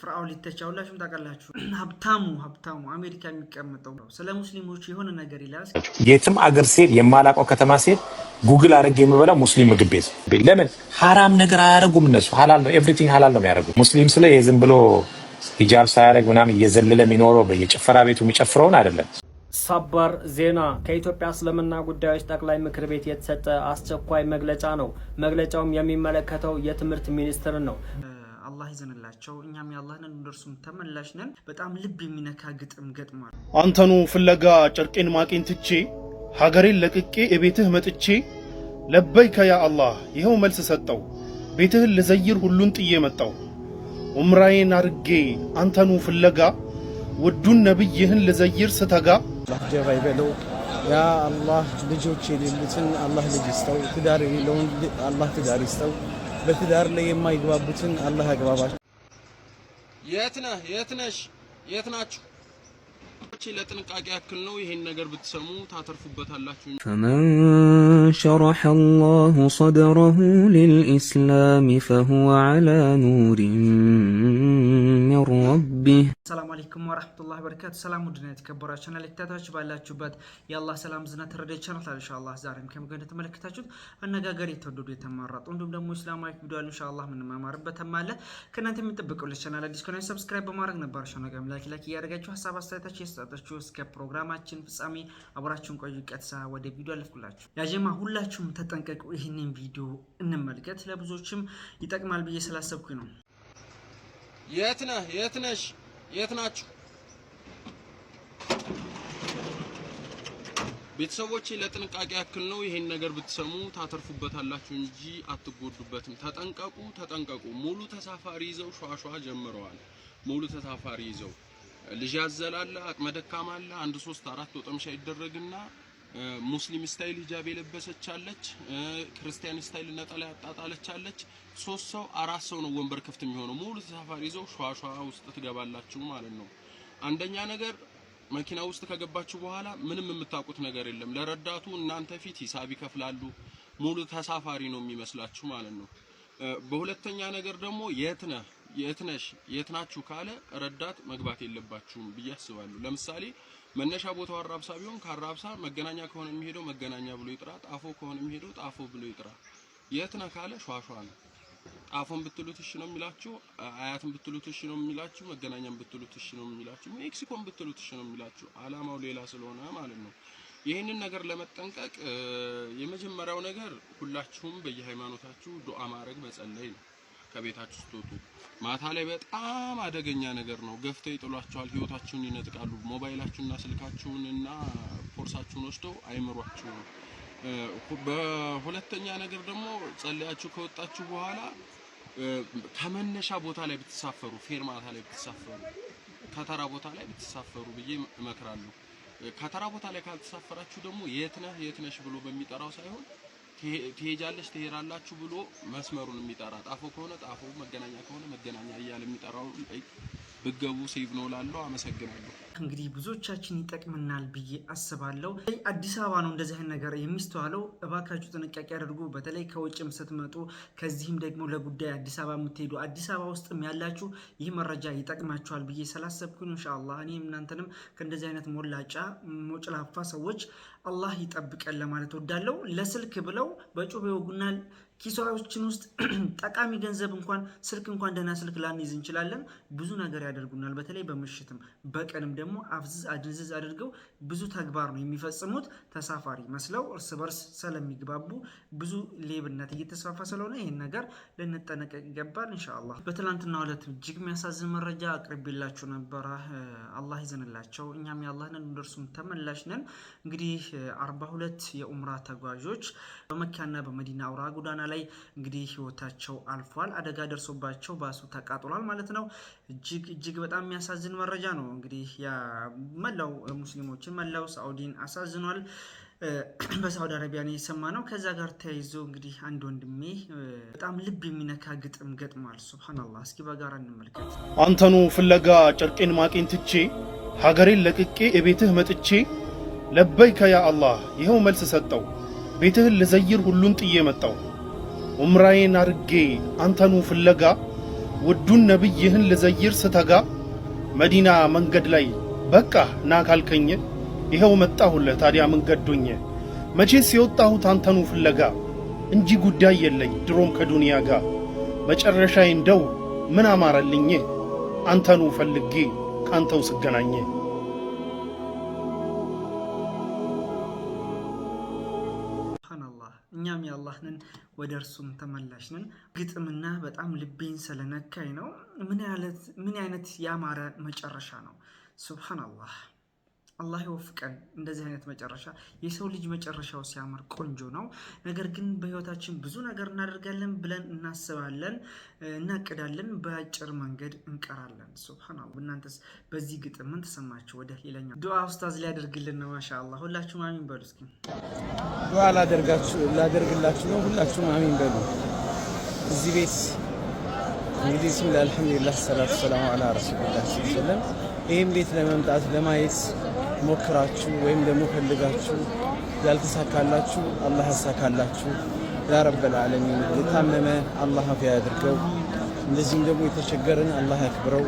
ፍርአውን ሊተቻ ሁላችሁም ታውቃላችሁ። ሀብታሙ ሀብታሙ አሜሪካ የሚቀመጠው ስለ ሙስሊሞች የሆነ ነገር ይላል። የትም አገር ሴት የማላውቀው ከተማ ሴት ጉግል አድርጌ የምበላው ሙስሊም ምግብ ቤት። ለምን ሀራም ነገር አያደርጉም እነሱ። ሀላል ነው ኤቭሪቲንግ ሀላል ነው የሚያደርጉት። ሙስሊም ስለ የዝም ብሎ ሂጃብ ሳያደርግ ምናምን እየዘለለ የሚኖረው በየጭፈራ ቤቱ የሚጨፍረውን አይደለም። ሰበር ዜና ከኢትዮጵያ እስልምና ጉዳዮች ጠቅላይ ምክር ቤት የተሰጠ አስቸኳይ መግለጫ ነው። መግለጫውም የሚመለከተው የትምህርት ሚኒስትርን ነው። አላህ ይዘንላቸው፣ እኛም የአላህን እንደርሱም ተመላሽ ነን። በጣም ልብ የሚነካ ግጥም ገጥሟል። አንተኑ ፍለጋ ጨርቄን ማቄን ትቼ ሀገሬን ለቅቄ የቤትህ መጥቼ ለበይከ ያ አላህ ይኸው መልስ ሰጠው ቤትህን ልዘይር ሁሉን ጥዬ መጣው ኡምራዬን አርጌ አንተኑ ፍለጋ ውዱን ነብይህን ልዘይር ስተጋ ጀባ ይበለው ያ አላህ ልጆች የሌሉትን አላህ ልጅ ይስጠው፣ ትዳር የሌለውን አላህ ትዳር ይስጠው። በትዳር ላይ የማይግባቡትን አላህ ያግባባቸው። የት ነህ? የት ነሽ? የት ናችሁ? ለጥንቃቄ ያክል ነው። ይሄን ነገር ብትሰሙ ታተርፉበታላችሁ። ፈመን ሸረሐ አላሁ ሰድረሁ ሊልኢስላም ፈሁወ ዐላ ኑሪን ሚን ረቢህ። ሰላም አለይኩም ወራህመቱላሂ ወበረካቱ። ሰላም ውድና የተከበራችሁ እና ለክታታችሁ ባላችሁበት የአላህ ሰላም ዝና ተረዳይ ቻናል ኢንሻአላህ ዛሬም ከምገነ ተመለከታችሁት አነጋገር የተወደዱ የተማረጡ እንዲሁም ደግሞ እስላማዊ ቪዲዮ አሉ ኢንሻአላህ የምንማማርበት አለ። ከእናንተ የሚጠብቀው ለቻናል አዲስ ከሆነ ሰብስክራይብ በማድረግ ነበር ሻናጋም ላይክ ላይክ እያደረጋችሁ ሐሳብ አስተያየታችሁ ይስጣችሁ። ስለነበራችሁ እስከ ፕሮግራማችን ፍጻሜ አብራችሁን ቆዩ። ቀጥታ ወደ ቪዲዮ አለፍኩላችሁ። ያጀማ ሁላችሁም ተጠንቀቁ። ይህንን ቪዲዮ እንመልከት። ለብዙዎችም ይጠቅማል ብዬ ስላሰብኩ ነው። የት ነህ? የት ነሽ? የት ናችሁ? ቤተሰቦች ለጥንቃቄ ያክል ነው። ይሄን ነገር ብትሰሙ ታተርፉበታላችሁ እንጂ አትጎዱበትም። ተጠንቀቁ፣ ተጠንቀቁ። ሙሉ ተሳፋሪ ይዘው ሸዋሸዋ ጀምረዋል። ሙሉ ተሳፋሪ ይዘው ልጅ ያዘላለ አቅመ ደካማ አለ አንድ ሶስት አራት ወጠምሻ ይደረግና ሙስሊም ስታይል ሂጃብ የለበሰች አለች፣ ክርስቲያን ስታይል ነጠላ ያጣጣለች አለች። ሶስት ሰው አራት ሰው ነው ወንበር ክፍት የሚሆነው። ሙሉ ተሳፋሪ ይዘው ሸዋሸዋ ውስጥ ትገባላችሁ ማለት ነው። አንደኛ ነገር መኪና ውስጥ ከገባችሁ በኋላ ምንም የምታውቁት ነገር የለም። ለረዳቱ እናንተ ፊት ሂሳብ ይከፍላሉ። ሙሉ ተሳፋሪ ነው የሚመስላችሁ ማለት ነው። በሁለተኛ ነገር ደግሞ የት ነህ የት ነሽ የት ናችሁ ካለ ረዳት መግባት የለባችሁም ብዬ አስባለሁ። ለምሳሌ መነሻ ቦታው አራብሳ ቢሆን ካራብሳ መገናኛ ከሆነ የሚሄደው መገናኛ ብሎ ይጥራ፣ ጣፎ ከሆነ የሚሄደው ጣፎ ብሎ ይጥራ። የት ነህ ካለ ሿሿ ነው። ጣፎን ብትሉት እሺ ነው የሚላችሁ፣ አያትን ብትሉት እሺ ነው የሚላችሁ፣ መገናኛን ብትሉት እሺ ነው የሚላችሁ፣ ሜክሲኮን ብትሉት እሺ ነው የሚላችሁ። አላማው ሌላ ስለሆነ ማለት ነው። ይህንን ነገር ለመጠንቀቅ የመጀመሪያው ነገር ሁላችሁም በየሃይማኖታችሁ ዱዓ ማድረግ መጸለይ ነው። ከቤታችሁ ስትወጡ ማታ ላይ በጣም አደገኛ ነገር ነው። ገፍተው ይጥሏቸዋል፣ ህይወታችሁን ይነጥቃሉ። ሞባይላችሁና ስልካችሁን እና ፖርሳችሁን ወስደው አይምሯችሁም። በሁለተኛ ነገር ደግሞ ጸልያችሁ ከወጣችሁ በኋላ ከመነሻ ቦታ ላይ ብትሳፈሩ፣ ፌርማታ ላይ ብትሳፈሩ፣ ከተራ ቦታ ላይ ብትሳፈሩ ብዬ እመክራለሁ። ከተራ ቦታ ላይ ካልተሳፈራችሁ ደግሞ የት ነህ የት ነሽ ብሎ በሚጠራው ሳይሆን ትሄጃለች ትሄዳላችሁ ብሎ መስመሩን የሚጠራ ጣፎ ከሆነ ጣፎ፣ መገናኛ ከሆነ መገናኛ እያለ የሚጠራው ብገቡ ሴቭ ነው ላለው አመሰግናለሁ። እንግዲህ ብዙዎቻችን ይጠቅምናል ብዬ አስባለሁ። አዲስ አበባ ነው እንደዚህ አይነት ነገር የሚስተዋለው። እባካችሁ ጥንቃቄ አድርጉ። በተለይ ከውጭም ስትመጡ፣ ከዚህም ደግሞ ለጉዳይ አዲስ አበባ የምትሄዱ አዲስ አበባ ውስጥም ያላችሁ ይህ መረጃ ይጠቅማችኋል ብዬ ስላሰብኩኝ እንሻላ እኔ እናንተንም ከእንደዚህ አይነት ሞላጫ ሞጭላፋ ሰዎች አላህ ይጠብቀን ለማለት ወዳለው ለስልክ ብለው በጩቤ ይወጉናል። ኪሳችን ውስጥ ጠቃሚ ገንዘብ እንኳን ስልክ እንኳን ደህና ስልክ ላንይዝ እንችላለን። ብዙ ነገር ያደርጉናል። በተለይ በምሽትም በቀንም ደግሞ ደግሞ አፍዝዝ አድንዝዝ አድርገው ብዙ ተግባር ነው የሚፈጽሙት። ተሳፋሪ መስለው እርስ በርስ ስለሚግባቡ ብዙ ሌብነት እየተስፋፋ ስለሆነ ይህን ነገር ልንጠነቀቅ ይገባል። እንሻላ በትላንትና ዕለት እጅግ የሚያሳዝን መረጃ አቅርቤላችሁ ነበረ። አላህ ይዘንላቸው፣ እኛም ያላህን እንደርሱም ተመላሽ ነን። እንግዲህ አርባ ሁለት የኡምራ ተጓዦች በመካና በመዲና አውራ ጎዳና ላይ እንግዲህ ህይወታቸው አልፏል። አደጋ ደርሶባቸው ባሱ ተቃጥሏል ማለት ነው። እጅግ እጅግ በጣም የሚያሳዝን መረጃ ነው። እንግዲህ ያ መላው ሙስሊሞችን መላው ሳዑዲን አሳዝኗል። በሳውዲ አረቢያ ነው የሰማ ነው። ከዛ ጋር ተያይዞ እንግዲህ አንድ ወንድሜ በጣም ልብ የሚነካ ግጥም ገጥሟል። ሱብሃነላህ እስኪ በጋራ እንመልከት። አንተኑ ፍለጋ ጨርቄን ማቄን ትቼ ሀገሬን ለቅቄ የቤትህ መጥቼ ለበይከ ያ አላህ ይኸው መልስ ሰጠው ቤትህን ልዘይር ሁሉን ጥዬ መጣው ኡምራዬን አርጌ አንተኑ ፍለጋ ውዱን ነቢይህን ልዘይር ስተጋ መዲና መንገድ ላይ በቃ ና ካልከኝ ይኸው መጣሁልህ ታዲያ ምን ገዶኝ መቼስ የወጣሁት አንተኑ ፍለጋ እንጂ ጉዳይ የለኝ ድሮም ከዱንያ ጋር መጨረሻዬ እንደው ምን አማረልኝ አንተኑ ፈልጌ ካንተው ስገናኘ እኛም ያላህንን ወደ እርሱም ነን። ግጥምና በጣም ልቤን ስለነካኝ ነው። ምን አይነት ያማረ መጨረሻ ነው! ሱብሃናላህ። አላህ ይወፍቀን። እንደዚህ አይነት መጨረሻ የሰው ልጅ መጨረሻው ሲያምር ቆንጆ ነው። ነገር ግን በህይወታችን ብዙ ነገር እናደርጋለን ብለን እናስባለን፣ እናቅዳለን፣ በአጭር መንገድ እንቀራለን። ሱብሃነላህ። እናንተስ በዚህ ግጥም ምን ተሰማችሁ? ወደ ሌላኛው ዱዓ ኡስታዝ ሊያደርግልን ነው። ማሻአላህ ሁላችሁም አሚን በሉ እስኪ ዱዓ ላደርግላችሁ ነው። ሁላችሁም አሚን በሉ። እዚህ ቤት እንግዲህ ስም አልሐምዱሊላህ ሰላቱ ሰላሙ አላ ረሱሉላህ ሰለም። ይህም ቤት ለመምጣት ለማየት ሞክራችሁ ወይም ደግሞ ፈልጋችሁ ያልተሳካላችሁ አላህ ያሳካላችሁ። ያ ረበል ዓለሚን የታመመ አላህ አፊያ ያድርገው። እንደዚህም ደግሞ የተቸገረን አላህ ያክብረው።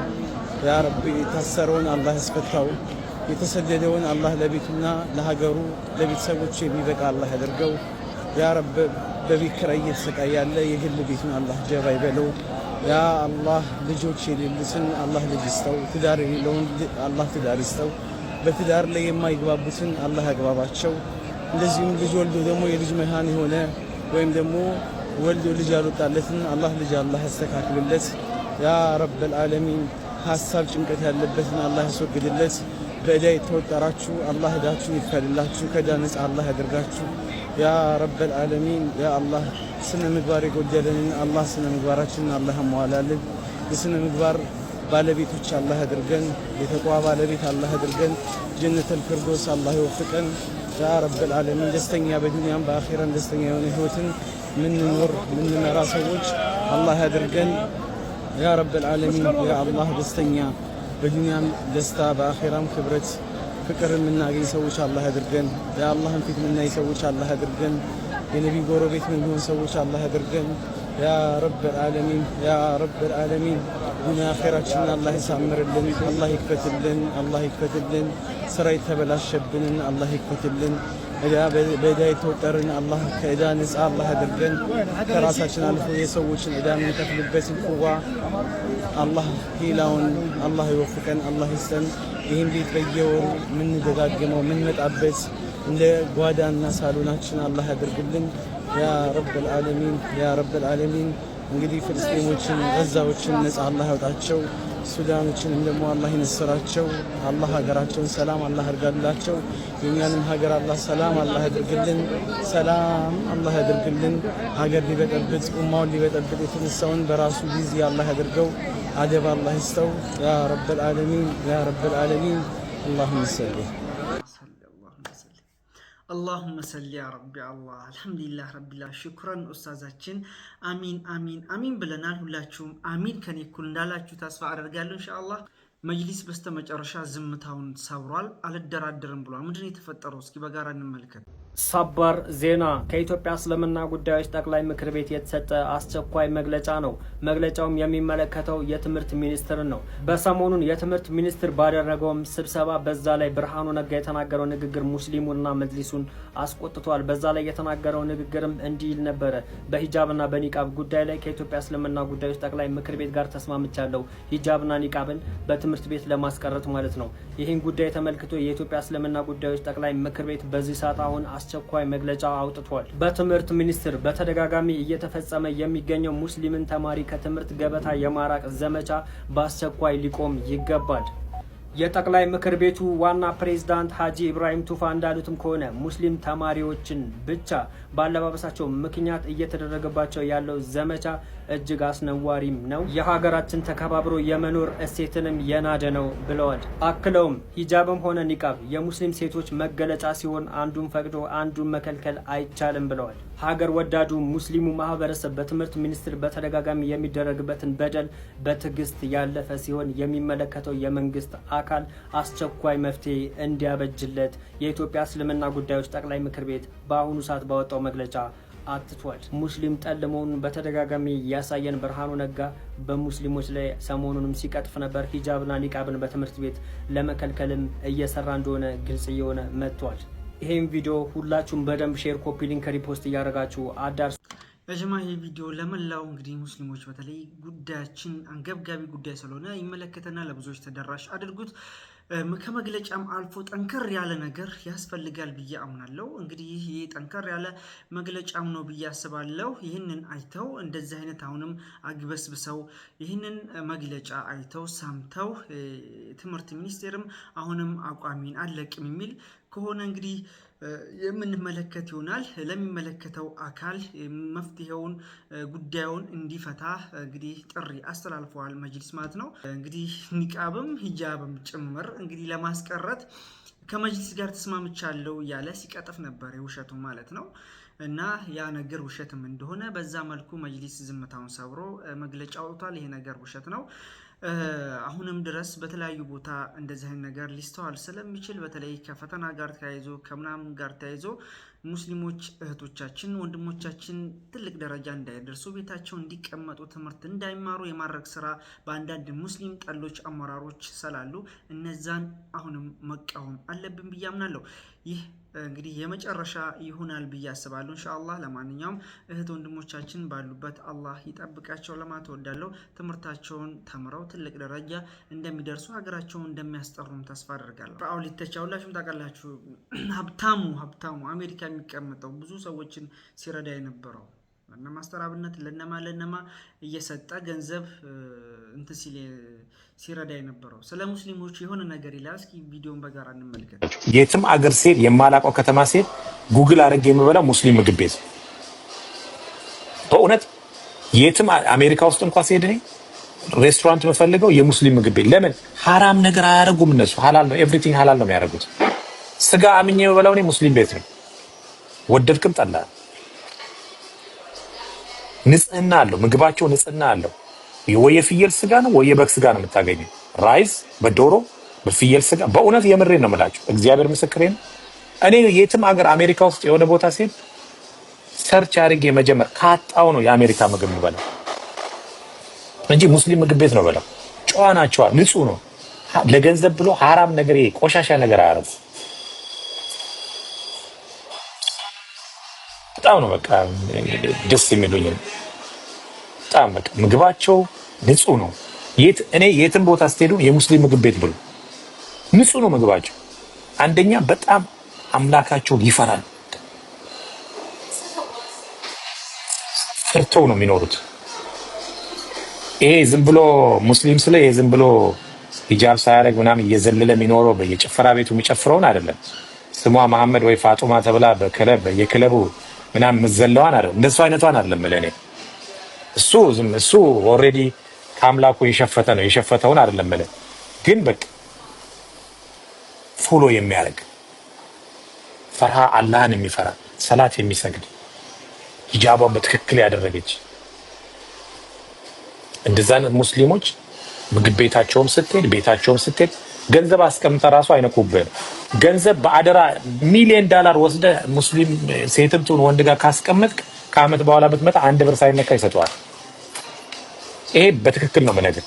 ያ ረቢ የታሰረውን አላህ ያስፈታው። የተሰደደውን አላህ ለቤቱና ለሀገሩ ለቤተሰቦች የሚበቃ አላህ ያደርገው። ያ ረብ በቤት ኪራይ እየተሰቃየ ያለ የግል ቤቱን አላህ ጀባ ይበለው። ያ አላህ ልጆች የሌሉትን አላህ ልጅ ይስጠው። ትዳር የሌለውን አላህ ትዳር ይስጠው። በትዳር ላይ የማይግባቡትን አላህ ያግባባቸው። እንደዚሁም ልጅ ወልዶ ደግሞ የልጅ መሃን የሆነ ወይም ደግሞ ወልዶ ልጅ ያልወጣለትን አላህ ልጅ አላህ ያስተካክልለት። ያ ረብ ዓለሚን ሀሳብ ጭንቀት ያለበትን አላህ ያስወግድለት። በእዳ የተወጠራችሁ አላህ ዕዳችሁ ይፈልላችሁ፣ ከዳ ነጻ አላህ ያደርጋችሁ። ያ ረበል ዓለሚን ያ አላህ ስነ ምግባር የጎደለንን አላህ ስነ ምግባራችንን አላህ ያሟላልን። የስነ ምግባር ባለቤቶች አላህ አድርገን፣ የተቋዋ ባለቤት አላህ አድርገን፣ ጀነት ፊርዶስ አላህ ይወፍቀን። ያ ረብ ዓለሚን ደስተኛ በዱንያም በአኼራም ደስተኛ የሆነ ህይወትን ምንኖር ምንመራ ሰዎች አላህ አድርገን። ያ ረብ ዓለሚን ያ አላህ ደስተኛ በዱንያም ደስታ በአኼራም ክብረት ፍቅር የምናገኝ ሰዎች አላህ አድርገን። የአላህን ፊት የምናይ ሰዎች አላህ አድርገን። የነቢ ጎረቤት የምንሆን ሰዎች አላህ አድርገን። ያ ረበል ዓለሚን ያ ረበል ዓለሚን። ዱንያ አኼራችንን አላህ ይሳምርልን፣ አላህ ይክፈትልን፣ አላህ ይክፈትልን። ስራ የተበላሸብንን አላህ ይክፈትልን። እዳ በእዳ የተወጠርን አላህ ከእዳ ነፃ አላህ አድርገን ከራሳችን አልፎ የሰዎችን እዳ የምንከፍልበትን ቁዋ አላህ ሂላውን አላህ ይወፍቀን፣ አላህ ይስጠን። ይህን ቤት በየወሩ የምንደጋግመው የምንመጣበት እንደ ጓዳና ሳሎናችን አላህ ያድርግልን ያ ረብል ዓለሚን ያ ረብል ዓለሚን። እንግዲህ ፍልስጤሞችን፣ ጋዛዎችን ነፃ አላህ ያውጣቸው። ሱዳኖችንም ደግሞ አላህ ይንስራቸው። አላህ ሀገራቸውን ሰላም አላህ አድርጋላቸው። የእኛንም ሀገር አላህ ሰላም አላህ ያድርግልን። ሰላም አላህ ያድርግልን። ሀገር ሊበጠብጥ ኡማውን ሊበጠብጥ የተነሳውን በራሱ ጊዜ አላህ ያድርገው። አደብ አላህ ይስተው። ያ ረብ ዓለሚን ያ ረብ ዓለሚን አላሁም ይሰልህ አላሁመ ሰሊ ያ ረቢ አላህ አልሐምዱሊላህ ረቢላ ሽኩረን ኡስታዛችን አሚን አሚን አሚን ብለናል። ሁላችሁም አሚን ከኔ እኩል እንዳላችሁ ተስፋ አደርጋለሁ ኢንሻአላህ። መጅሊስ በስተመጨረሻ ዝምታውን ሰብሯል። አልደራደርም ብሏል። ምንድን ነው የተፈጠረው? እስኪ በጋራ እንመልከት። ሰበር ዜና ከኢትዮጵያ እስልምና ጉዳዮች ጠቅላይ ምክር ቤት የተሰጠ አስቸኳይ መግለጫ ነው። መግለጫውም የሚመለከተው የትምህርት ሚኒስትርን ነው። በሰሞኑን የትምህርት ሚኒስትር ባደረገውም ስብሰባ በዛ ላይ ብርሃኑ ነጋ የተናገረው ንግግር ሙስሊሙንና መጅሊሱን አስቆጥቷል። በዛ ላይ የተናገረው ንግግርም እንዲህ ይል ነበረ። በሂጃብና በኒቃብ ጉዳይ ላይ ከኢትዮጵያ እስልምና ጉዳዮች ጠቅላይ ምክር ቤት ጋር ተስማምቻለሁ። ሂጃብና ኒቃብን በትምህርት ቤት ለማስቀረት ማለት ነው። ይህን ጉዳይ ተመልክቶ የኢትዮጵያ እስልምና ጉዳዮች ጠቅላይ ምክር ቤት በዚህ ሰዓት አሁን አስቸኳይ መግለጫ አውጥቷል። በትምህርት ሚኒስቴር በተደጋጋሚ እየተፈጸመ የሚገኘው ሙስሊምን ተማሪ ከትምህርት ገበታ የማራቅ ዘመቻ በአስቸኳይ ሊቆም ይገባል። የጠቅላይ ምክር ቤቱ ዋና ፕሬዝዳንት ሀጂ ኢብራሂም ቱፋ እንዳሉትም ከሆነ ሙስሊም ተማሪዎችን ብቻ በአለባበሳቸው ምክንያት እየተደረገባቸው ያለው ዘመቻ እጅግ አስነዋሪም ነው፣ የሀገራችን ተከባብሮ የመኖር እሴትንም የናደ ነው ብለዋል። አክለውም ሂጃብም ሆነ ኒቃብ የሙስሊም ሴቶች መገለጫ ሲሆን አንዱን ፈቅዶ አንዱን መከልከል አይቻልም ብለዋል። ሀገር ወዳዱ ሙስሊሙ ማህበረሰብ በትምህርት ሚኒስቴር በተደጋጋሚ የሚደረግበትን በደል በትዕግስት ያለፈ ሲሆን የሚመለከተው የመንግስት አካል አስቸኳይ መፍትሄ እንዲያበጅለት የኢትዮጵያ እስልምና ጉዳዮች ጠቅላይ ምክር ቤት በአሁኑ ሰዓት ባወጣው መግለጫ አትቷል። ሙስሊም ጠል መሆኑን በተደጋጋሚ ያሳየን ብርሃኑ ነጋ በሙስሊሞች ላይ ሰሞኑንም ሲቀጥፍ ነበር። ሂጃብና ኒቃብን በትምህርት ቤት ለመከልከልም እየሰራ እንደሆነ ግልጽ እየሆነ መጥቷል። ይሄን ቪዲዮ ሁላችሁም በደንብ ሼር፣ ኮፒ ሊንክ፣ ሪፖስት እያደረጋችሁ አዳርሱ። በጀማ ይሄ ቪዲዮ ለመላው እንግዲህ ሙስሊሞች በተለይ ጉዳያችን አንገብጋቢ ጉዳይ ስለሆነ ይመለከተና ለብዙዎች ተደራሽ አድርጉት። ከመግለጫም አልፎ ጠንከር ያለ ነገር ያስፈልጋል ብዬ አምናለሁ። እንግዲህ ይህ ጠንከር ያለ መግለጫም ነው ብዬ አስባለሁ። ይህንን አይተው እንደዚህ አይነት አሁንም አግበስብሰው ይህንን መግለጫ አይተው ሰምተው ትምህርት ሚኒስቴርም አሁንም አቋሚን አለቅም የሚል ከሆነ እንግዲህ የምንመለከት ይሆናል። ለሚመለከተው አካል መፍትሄውን ጉዳዩን እንዲፈታ እንግዲህ ጥሪ አስተላልፈዋል መጅሊስ ማለት ነው። እንግዲህ ኒቃብም ሂጃብም ጭምር እንግዲህ ለማስቀረት ከመጅሊስ ጋር ተስማምቻለሁ እያለ ሲቀጥፍ ነበር የውሸቱ ማለት ነው። እና ያ ነገር ውሸትም እንደሆነ በዛ መልኩ መጅሊስ ዝምታውን ሰብሮ መግለጫ አውጥቷል። ይሄ ነገር ውሸት ነው። አሁንም ድረስ በተለያዩ ቦታ እንደዚህ አይነት ነገር ሊስተዋል ስለሚችል በተለይ ከፈተና ጋር ተያይዞ ከምናምን ጋር ተያይዞ ሙስሊሞች እህቶቻችን ወንድሞቻችን ትልቅ ደረጃ እንዳይደርሱ ቤታቸው እንዲቀመጡ ትምህርት እንዳይማሩ የማድረግ ስራ በአንዳንድ ሙስሊም ጠሎች አመራሮች ስላሉ እነዛን አሁንም መቃወም አለብን ብዬ አምናለሁ። ይህ እንግዲህ የመጨረሻ ይሆናል ብዬ አስባለሁ። እንሻአላህ ለማንኛውም እህት ወንድሞቻችን ባሉበት አላህ ይጠብቃቸው ለማለት እወዳለሁ። ትምህርታቸውን ተምረው ትልቅ ደረጃ እንደሚደርሱ ሀገራቸውን እንደሚያስጠሩም ተስፋ አደርጋለሁ። ፍርአውን ሊተቻ ሁላችሁም ታውቃላችሁ። ሀብታሙ ሀብታሙ አሜሪካ የሚቀመጠው ብዙ ሰዎችን ሲረዳ የነበረው ዋና ማስተር አብነት ለነማ ለነማ እየሰጠ ገንዘብ እንትን ሲል ሲረዳ የነበረው ስለ ሙስሊሞች የሆነ ነገር ይላል። እስኪ ቪዲዮን በጋራ እንመልከት። የትም አገር ሴት የማላውቀው ከተማ ሴት ጉግል አድርጌ የምበላው ሙስሊም ምግብ ቤት በእውነት የትም አሜሪካ ውስጥ እንኳ ሲሄድ እኔ ሬስቶራንት የምፈልገው የሙስሊም ምግብ ቤት። ለምን ሀራም ነገር አያደርጉም እነሱ። ሀላል ነው፣ ኤቭሪቲንግ ሀላል ነው የሚያደርጉት። ስጋ አምኜ የምበላው እኔ ሙስሊም ቤት ነው፣ ወደድክም ጠላ ንጽህና አለው። ምግባቸው ንጽህና አለው። ወይ የፍየል ስጋ ነው ወይ የበግ ስጋ ነው የምታገኘ ራይስ በዶሮ በፍየል ስጋ በእውነት የምሬ ነው የምላቸው። እግዚአብሔር ምስክሬ ነው። እኔ የትም ሀገር አሜሪካ ውስጥ የሆነ ቦታ ሲሄድ ሰርች አድርጌ መጀመር ካጣው ነው የአሜሪካ ምግብ የምበላው እንጂ ሙስሊም ምግብ ቤት ነው በለው። ጨዋ ናቸዋል። ንጹህ ነው። ለገንዘብ ብሎ ሀራም ነገር ቆሻሻ ነገር አያረጉ በጣም ነው በቃ ደስ የሚሉኝ በጣም በቃ ምግባቸው ንጹህ ነው። የት እኔ የትም ቦታ ስትሄዱ የሙስሊም ምግብ ቤት ብሉ፣ ንጹህ ነው ምግባቸው። አንደኛ በጣም አምላካቸውን ይፈራል። ፈርተው ነው የሚኖሩት። ይሄ ዝም ብሎ ሙስሊም ስለ ይሄ ዝም ብሎ ሂጃብ ሳያደርግ ምናምን እየዘለለ የሚኖረው በየጭፈራ ቤቱ የሚጨፍረውን አይደለም። ስሟ መሐመድ ወይ ፋጡማ ተብላ በየክለቡ ምናምን የምትዘለዋን አይደለም፣ እንደሱ አይነቷን አይደለም። ለኔ እሱ እሱ ኦልሬዲ ከአምላኩ የሸፈተ ነው። የሸፈተውን አይደለም ለ። ግን በቃ ፎሎ የሚያደርግ ፈርሃ አላህን የሚፈራ ሰላት የሚሰግድ ሂጃቧን በትክክል ያደረገች እንደዛ ሙስሊሞች ምግብ ቤታቸውም ስትሄድ ቤታቸውም ስትሄድ ገንዘብ አስቀምጠ ራሱ አይነኩብህም። ገንዘብ በአደራ ሚሊዮን ዳላር ወስደ ሙስሊም ሴትም ትሁን ወንድ ጋር ካስቀመጥክ ከአመት በኋላ ብትመጣ አንድ ብር ሳይነካ ይሰጠዋል። ይሄ በትክክል ነው የምነግርህ፣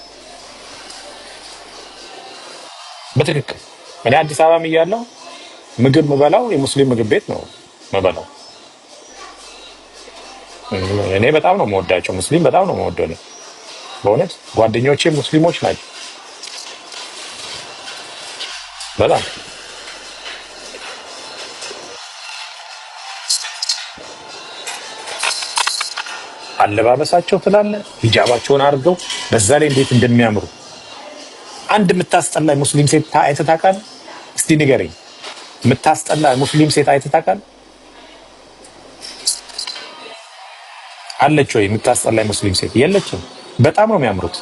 በትክክል እኔ አዲስ አበባም እያለሁ ምግብ ምበላው የሙስሊም ምግብ ቤት ነው ምበላው። እኔ በጣም ነው መወዳቸው፣ ሙስሊም፣ በጣም ነው መወደ በእውነት ጓደኞቼ ሙስሊሞች ናቸው። Voilà. አለባበሳቸው ትላለ ሂጃባቸውን አድርገው በዛ ላይ እንዴት እንደሚያምሩ አንድ የምታስጠላ ሙስሊም ሴት አይተህ ታውቃለህ? እስቲ ንገረኝ። የምታስጠላ ሙስሊም ሴት አይተህ ታውቃለህ? አለች ወይ የምታስጠላ ሙስሊም ሴት? የለችም። በጣም ነው የሚያምሩት።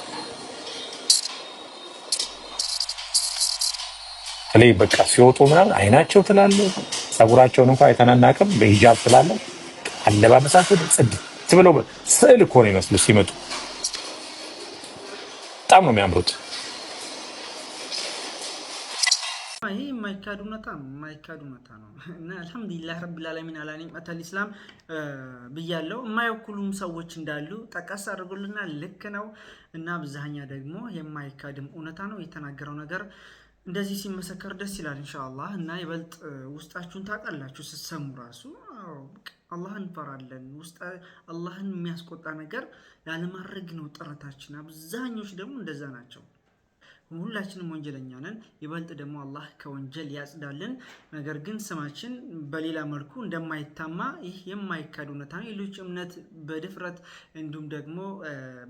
በተለይ በቃ ሲወጡ ምናምን አይናቸው ትላለ፣ ጸጉራቸውን እንኳ የተናናቅም በሂጃብ ትላለ። አለባበሳቸው ጽድት ብለው ስዕል እኮ ነው ይመስሉ ሲመጡ፣ በጣም ነው የሚያምሩት። ይሄ የማይካድ እውነታ የማይካድ እውነታ ነው እና አልሐምዱሊላህ ረቢል ዓለሚን አላ ኒዕመቲል ኢስላም ብያለው። የማይወክሉም ሰዎች እንዳሉ ጠቀስ አድርጎልናል። ልክ ነው እና አብዛኛ ደግሞ የማይካድም እውነታ ነው የተናገረው ነገር እንደዚህ ሲመሰከር ደስ ይላል። እንሻላ እና ይበልጥ ውስጣችሁን ታውቃላችሁ ስትሰሙ ራሱ አላህን እንፈራለን። አላህን የሚያስቆጣ ነገር ላለማድረግ ነው ጥረታችን። አብዛኞች ደግሞ እንደዛ ናቸው። ሁላችንም ወንጀለኛ ነን። ይበልጥ ደግሞ አላህ ከወንጀል ያጽዳልን። ነገር ግን ስማችን በሌላ መልኩ እንደማይታማ ይህ የማይካድ እውነታ ነው። ሌሎች እምነት በድፍረት እንዲሁም ደግሞ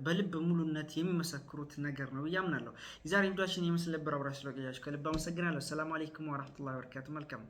በልብ ሙሉነት የሚመሰክሩት ነገር ነው ብያምናለሁ። የዛሬ ቪዲዮችን የምስል ነበር። አብራችሁ ስለቆያችሁ ከልብ አመሰግናለሁ። ሰላም አለይኩም ወራህመቱላሂ ወበረካቱ። መልካም